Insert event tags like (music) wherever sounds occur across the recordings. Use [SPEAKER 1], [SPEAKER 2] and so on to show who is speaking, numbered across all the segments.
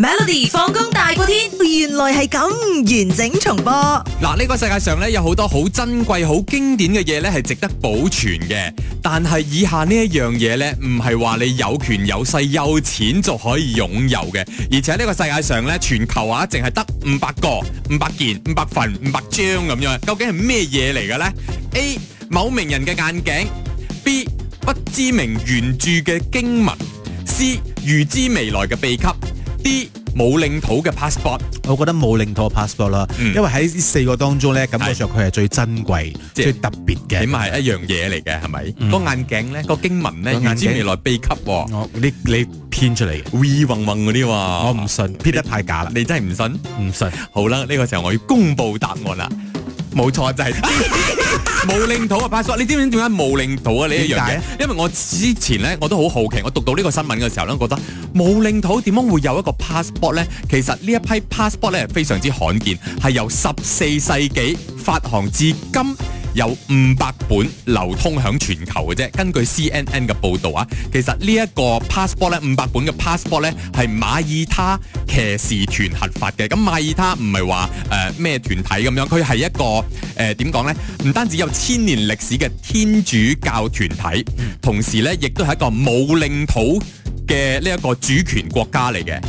[SPEAKER 1] Melody 放工大過天，原來係咁完整重播。嗱，呢個世界上咧有好多好珍貴、好經典嘅嘢咧係值得保存嘅，但係以下呢一樣嘢咧唔係話你有權有勢有錢就可以擁有嘅，而且呢個世界上咧全球啊淨係得五百個、五百件、五百份、五百張咁樣。究竟係咩嘢嚟嘅咧？A. 某名人嘅眼鏡；B. 不知名原著嘅經文；C. 預知未來嘅秘笈。啲冇領土嘅 passport，我覺得冇領土嘅 passport 啦，因為喺呢四個當中咧，感覺上佢係最珍貴、最特別嘅，起碼係一樣嘢嚟嘅，係咪？個眼鏡咧，個經文咧，預知未來秘笈喎，啲你編出嚟嘅，威嗡嗡嗰啲喎，我唔信，編得太假啦，你真係唔信？唔信。好啦，呢個時候我要公布答案啦。冇錯，就係、是、 (laughs) 無領土 passport。你知唔知點解無領土啊呢一樣嘢？為因為我之前咧，我都好好奇，我讀到呢個新聞嘅時候咧，我覺得無領土點解會有一個 passport 咧？其實呢一批 passport 咧，非常之罕見，係由十四世紀發行至今。有五百本流通喺全球嘅啫，根據 CNN 嘅報導啊，其實呢、呃、一個 passport 咧，五百本嘅 passport 咧，係馬爾他騎士團合法嘅。咁馬爾他唔係話誒咩團體咁樣，佢係一個誒點講呢？唔單止有千年歷史嘅天主教團體，同時呢，亦都係一個冇領土嘅呢一個主權國家嚟嘅。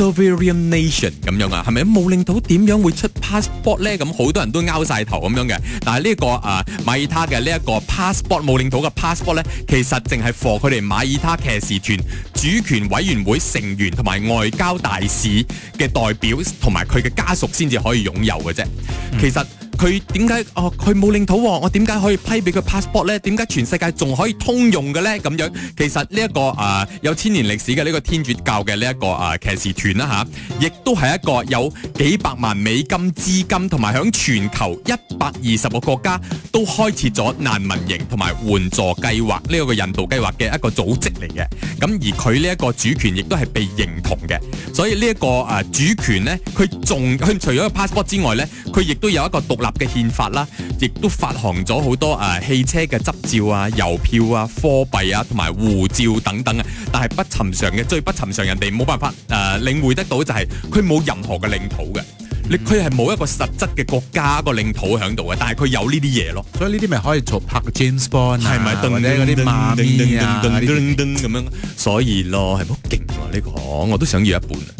[SPEAKER 1] Sovereign nation 咁樣啊，係咪冇領土點樣會出 passport 呢？咁好多人都拗晒頭咁樣嘅。但係呢一個啊馬耳他嘅呢一個 passport 冇領土嘅 passport 呢，其實淨係 for 佢哋馬耳他騎士團主權委員會成員同埋外交大使嘅代表同埋佢嘅家屬先至可以擁有嘅啫。嗯、其實。佢點解哦？佢冇領土，我點解可以批俾佢 passport 咧？點解全世界仲可以通用嘅咧？咁樣其實呢、這、一個啊、呃、有千年歷史嘅呢、這個天主教嘅呢一個啊騎、呃、士團啦吓亦都係一個有幾百萬美金資金同埋響全球一百二十個國家都開設咗難民營同埋援助計劃呢、這個印度計劃嘅一個組織嚟嘅。咁而佢呢一個主權亦都係被認同嘅，所以呢、這、一個誒、呃、主權咧，佢仲佢除咗 passport 之外咧，佢亦都有一個獨立。嘅憲法啦，亦都發行咗好多誒汽車嘅執照啊、郵票啊、貨幣啊同埋護照等等啊，但係不尋常嘅，最不尋常人哋冇辦法誒領會得到，就係佢冇任何嘅領土嘅，你佢係冇一個實質嘅國家個領土喺度嘅，但係佢有呢啲嘢咯，所以呢啲咪可以做拍 James Bond 啊，或者嗰啲嘛咪啲咁樣，所以咯係好勁喎，呢個我都想要一半。